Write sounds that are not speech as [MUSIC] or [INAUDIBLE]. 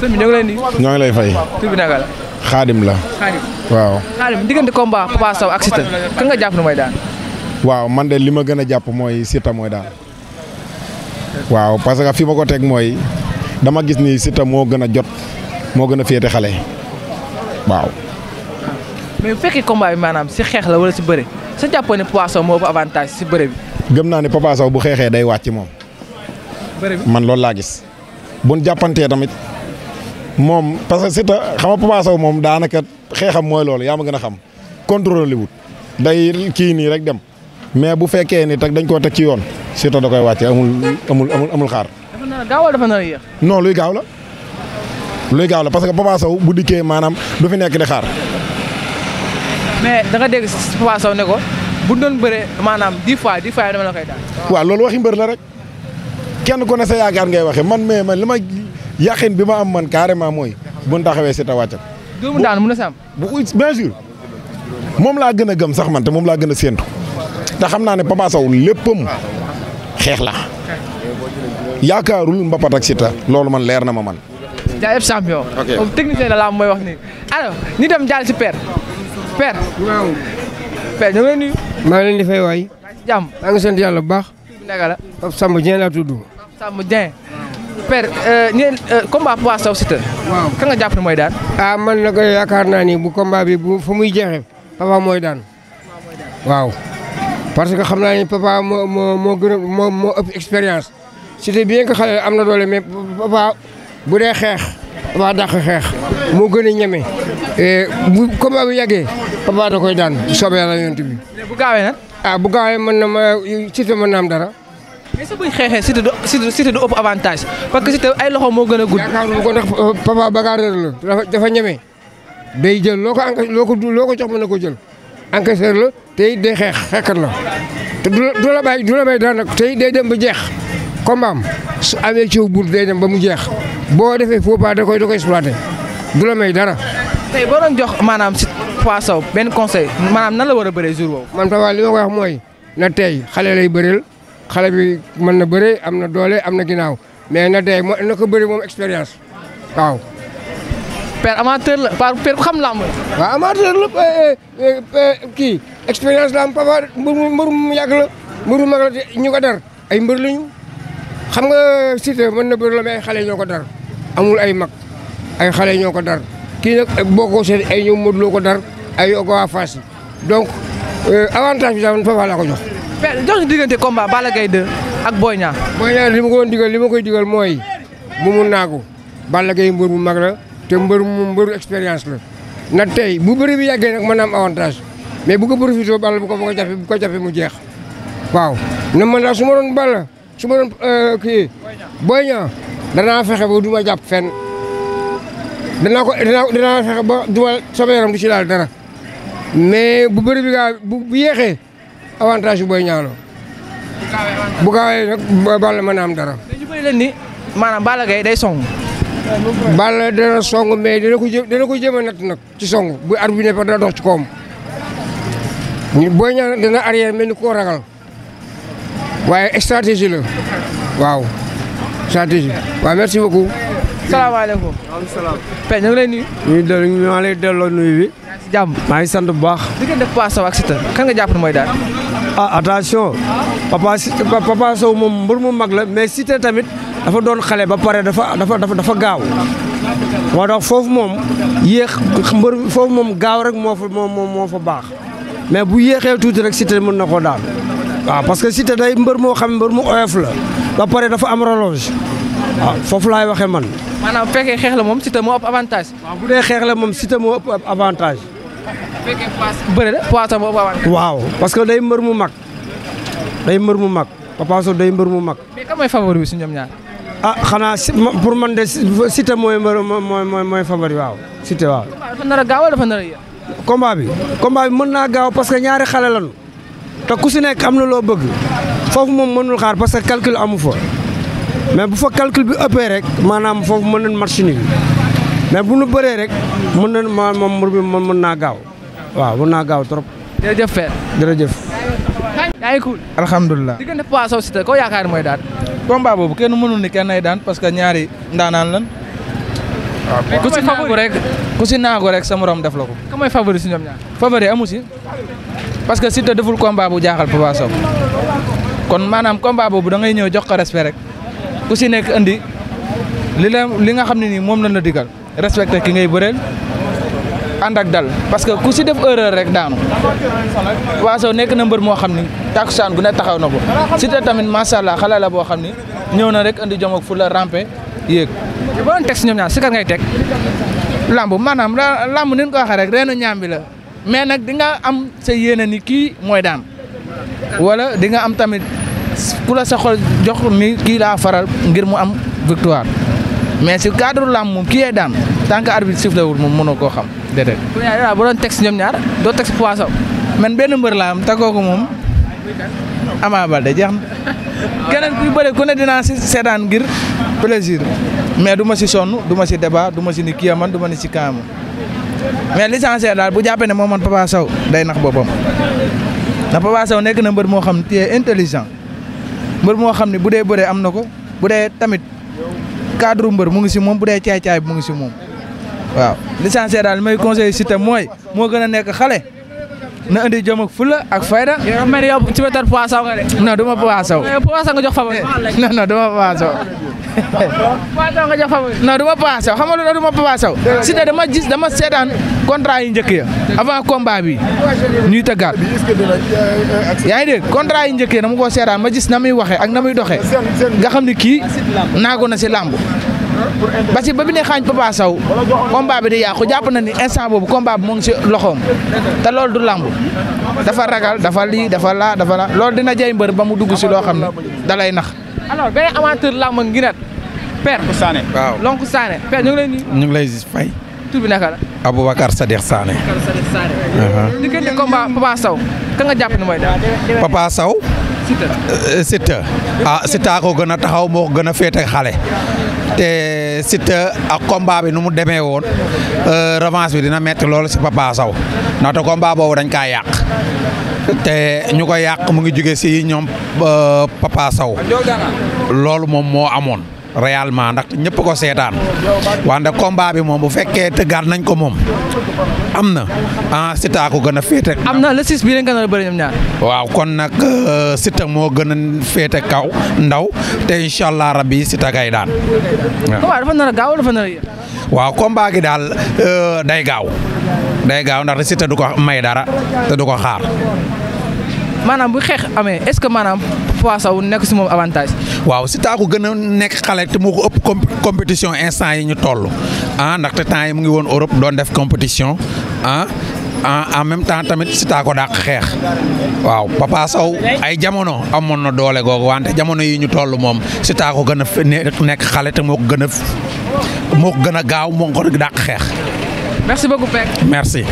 sëñ lay ñoo ngi lay fay. tur la. xaadim la. xaadim waaw. xaadim diggante combat Papa ak Siteu kan nga jàpp ne mooy daan. waaw man de li ma gën a jàpp mooy sita mooy daan. waaw parce que fi ma ko teg mooy dama gis ni Siteu moo gën a jot moo gën a féete xale waaw. mais bu fekkee combat bi maanaam si xeex la wala si bëre sa jàppoon ne Papa Sow moo ëpp si bëre bi. gëm naa ne Papa bu xeexee day wàcc moom. man loolu laa gis. buñ jàppantee tamit moom parce que Siteu xam nga Papa Sow moom daanaka xeexam mooy loolu yaa ma gën a xam contrôle li day kii nii rek dem mais bu fekkee ni teg dañ koo teg ci yoon Siteu da koy wàcce amul amul amul amul xaar. dafa nar yéex. non luy gaaw la luy gaaw la parce que Papa Sow bu dikkee maanaam du fi nekk di xaar. mais da nga dégg Papa Sow ne ko bu doon bëree maanaam dix fois dix fois dama na koy daal. waaw loolu waxi mbër la rek. kenn ku ne sa yaakaar ngay waxee man mais man li ma yàqin bi ma am man carrément mooy bu ñu taxawee Siteu wàcc ko. doomu mun a saam. bu bien sûr moom laa gën a gëm sax man te moom laa gën a séentu te xam naa ne Papa Sow léppam xeex la yaakaarul mbapat ak Siteu loolu man leer na ma man. jaajëf champion. ok technicien la laam mooy wax nii alors ñu dem jàll si peer père. waaw. père ñu ngi lay nuyu. maa ngi leen di fay waay. jàmm maa ngi sant yàlla bu baax. bi naka la. Pape Samba Dieng laa tudd. Pape Samba Dieng. père ñeen euh, euh, combat Papa Sow Siteu. waaw ka nga jàpp ne mooy daan. ah man nag yaakaar naa ni bu combat bi bu fu muy jeexee papa mooy daan. waaw parce que xam naa ne papa moo moo moo gën a moo moo ëpp expérience. Siteu bien xale am na doole mais papa bu dee xeex papa dàq xeex moo gën a ñeme bu combat bi yàggee papa da koy daan soobee yàlla yonent bi. ah bu gaawee mën na ma Siteu mën na am dara. mais sit buy xeexee Siteu du ëpp avantage parce que Siteu ay loxo moo gën a gudd. yaakaaruma euh, dafa dafa ñeme day jël loo ko enca loo ko ko jox mën na jël encaisseur la tey day xeex xeexkat la te du la du la bàyyi du la bàyyi dara nag tey day dem ba jeex combat am su amee coow buur day dem ba mu jeex boo defee faux pas da koy da koy exploité du la may dara. tey boo jox maanaam Siteu Papa saw benn conseil maanaam nan la war a bëree jour boobu. man Papa li ma ko wax mooy na tey xale lay bëreel xale bi mën na bëree am na doole am na ginnaaw mais na tey mo na ko bëri moom expérience waaw. père amateur la par père ku xam lamb la. waaw amateur la eh, eh, kii expérience la am Papa mbër mu yàgg la mbër mu mag ñu ko dar ay mbër lañu xam nga Siteu mën na bëri la mais ay xale ñoo ko dar amul ay mag ay xale ñoo ko dar. kii na boo ko ay ñoom Modou Lo ko dar ay yoo ko waa Fass donc euh, bi daal Papa diggante combat Balla Gaye 2 ak Boy Niang. Boy Niang li ma li ma koy digal mooy bu mu naagu Balla Gaye mbër mu mag la te mbër mu mbëru expérience la na tey bu bëri bi yàggee nag mën na am avantage mais bu ko profité Balla bu mu jeex waaw. na man daal su ma doon euh, kii Boy Niang fexe ba du ma jàpp danaa ko danaa fexe ba duwal sama du ci laal dara mais bu bëri bi bu yéexee avantage booy ñaanoo bu gaawee nag Balla mën a am dara. mais ñu bëri maanaam Balla Gaye day song. Balla dana song mais dana ko jë ko jëm a natt nag ci song bu ar a ne ci koom booy ñaan dana arrière mel ni ko ragal waaye stratégie la waaw stratégie waaw merci beaucoup. salaamaaleykum. waaleykum salaam. Père ñu maa delloo jàmm maa ngi sant bu baax. diggante Papa Sow ak Siteu kan nga jàpp na mooy daal. ah attention Papa Papa moom mbër mu mag la mais Siteu tamit dafa doon xale ba pare dafa dafa dafa gaaw. moo tax foofu moom yéex mbër foofu moom gaaw rek moo fa moo baax mais bu yéexee tuuti rek Siteu mën na ko daal waaw parce que Siteu day mbër moo xam mbër mu oyof la ba pare dafa am waaw ah, foofu laay waxee man. maanaam bu fekkee xeex la moom Siteu moo ëpp avantage. waaw bu dee xeex la moom Siteu moo ëpp avantage. bu fekkee bëre parce que day mbër mu mag day mbër mu mag Papa Sow day mbër mu mag. mais kan mooy favori bi si ñoom ah, xanaa pour man de Siteu mooy mbër mooy a gaaw dafa nar a bi combat bi mën naa gaaw parce que ñaari xale lañu te ku si nekk am na loo bëgg foofu moom mënul xaar parce que calcul amu fa. mais bu fa calcul bi ëppee rek maanaam foofu mën nañ match nul mais bu nu bëree rek mën nañ ma moom mbir mi mën naa gaaw waaw mën naa gaaw trop. jërëjëf Fer. jërëjëf. yaa ngi cool. alhamdulilah. diggante Papa Sow Siteu koo yaakaar mooy daan. combat boobu kenn mënul ni kenn ay daan parce que ñaari daanaan lan. Ah, waaw ku si naagu rek ku si naagu rek sa morom def la ko. ka mooy si ñoom ñaar. favori amu si parce que Siteu deful combat bu jaaxal Papa Sow kon maanaam combat boobu da ngay ñëw jox ko respect rek. ku si nekk indi li la li nga xam ne nii moom lañ la digal respecté ki ngay bëreel ànd ak dal parce que ku si def erreur rek daanu waaso nekk na mbër moo xam ni takusaan gu ne taxaw na ko si te tamit macha allah xale boo xam ni ñëw na rek indi jom ful fu la rampe yéeg. boo doon teg ñoom ñaar si kan ngay teg lamb maanaam lamb ni ñu ko waxee rek reenu ñaam bi la mais nag di nga am sa yéene ni kii mooy daan wala di nga am tamit. ku la sa xol jox mi kii laa faral ngir mu am victoire mais si cadre làmb moom kii yee daan tant que arbitre sifflé wul moom mënoo koo xam déedéet. bu ñaar bu doon teg si ñoom ñaar doo teg si poisson. man benn mbër laa am tagoo ko moom Ama Baldé jeex na [LAUGHS] keneen kuy bëre ku ne dinaa si ngir plaisir mais du ma si sonn du ma si débat du ma si ni kii man du ma ni si kaamu mais l'essentiel daal bu jàppee ne moo man Papa Sow day nax boppam ndax Papa Sow nekk na mbër moo xam te intelligent mbër moo xam ne bu dee bëree am na ko bu dee tamit cadre mbër mu ngi si moom bu dee caay-caay bi mu ngi si moom waaw. licencié daal may conseillé si tam mooy moo gën a nekk xale. na indi jom ak fula ak fayda. yow man ci wetu Papa nga de. non du ma Papa nga jox favori. [LAUGHS] non non du ma Papa Sow. Papa Sow nga jox du ma Papa Sow xam nga lu du ma Papa si de dama gis dama seetaan contrat yi njëkk ya avant combat bi ñuy tëggaat. Euh, euh, yaa ngi de contrat yi njëkk na dama koo seetaan ma gis na muy waxee ak na muy doxe nga xam ni kii naago na si làmb. parce que ba bi ne xaañ Papa Sow combat bi di yàqu jàpp na ni instant boobu combat bi mu ngi si loxoom te loolu du lamb dafa ragal dafa lii dafa laa dafa la loolu dina jay mbër ba mu dugg si loo xam ne da nax. alors benn amateur lamb ngi nat père Sané ñu ngi lay nuyu. ñu ngi lay fay. tur bi naka la. Aboubacar Sadikh uh-huh. Papa Sow ka nga jàpp ne mooy daal. Papa Sow. Siteu euh, ah Siteu ko gën a taxaw moo gën a féete xale Siteu a combat bi nu mu demee woon euh, revanche bi dina metti loolu si Papa Sow ndaxte combat boobu dañ kaa yàq te ñu ko yàq mu ngi jóge si ñoom euh, Papa Sow loolu moom moo amoon. réellement ndax ñëpp ko seetaan wante combat bi moom bu fekkee te tëggaat nañ ko moom am na ah Siteu ko gën a féete. am na le six bi lañ gën a bëri ñoom waaw kon nag euh, Siteu moo gën a féete kaw ndaw te incha allah rabi Siteu kay daan. waaw dafa nar a gaaw dafa nar waaw combat gi daal euh, day gaaw day gaaw ndax Siteu du ko may dara te du ko xaar. maanaam bu xeex amee est-ce que maanaam Papa Sow nekk si moom avantage. waaw Siteu ko gën a nekk xale te moo ko ëpp compétition instant yi ñu toll ah ndaxte temps yi mu ngi woon Europe doon def compétition ah. en même temps tamit Siteu ko dàq xeex waaw Papa Sow ay jamono amoon na doole googu wante jamono yi ñu toll moom si taa ko gën a nekk xale te moo ko gën a moo gën a gaaw moo ko dàq xeex. merci beaucoup Pek. merci.